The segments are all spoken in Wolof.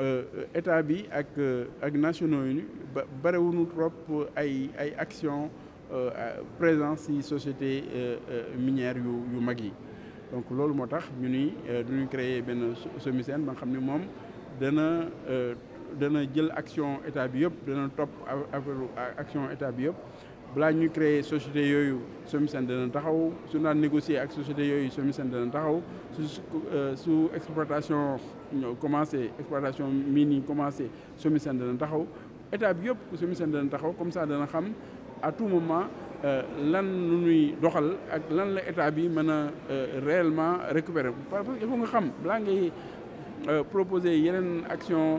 Euh, état bi ak euh, ak Nations Unies ba barewuñu trop ay ay action euh, présence ci société minière yu yu mag donc loolu moo tax ñu ni duñu créer benn SOMISEN ba nga xam ni moom dana jël action état bi yëpp dana top affaire action état bi yëpp balaa ñuy créer société yooyu SOMISEN dana taxaw su naan négocier ak société yooyu SOMISEN dana taxaw su sous euh, exploitation commencé exploitation mini commencé SOMISEN dana taxaw état bi yëpp SOMISEN dana taxaw comme ça dana xam à tout moment euh, lan lu ñuy doxal ak lan la état bi mën euh, réellement récupérer parce que il faut nga xam balaa ngay proposer yeneen action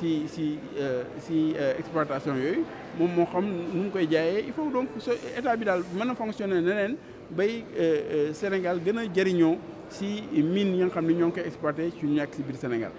si si euh, si euh, exploitation yooyu moom moo xam nu mu koy jaayee il faut donc so état bi daal mën a fonctionner neneen bay euh, Sénégal gën a jëriñoo si mine yi nga xam ne ñoo ngi koy exploité ci ñu nekk si biir Sénégal.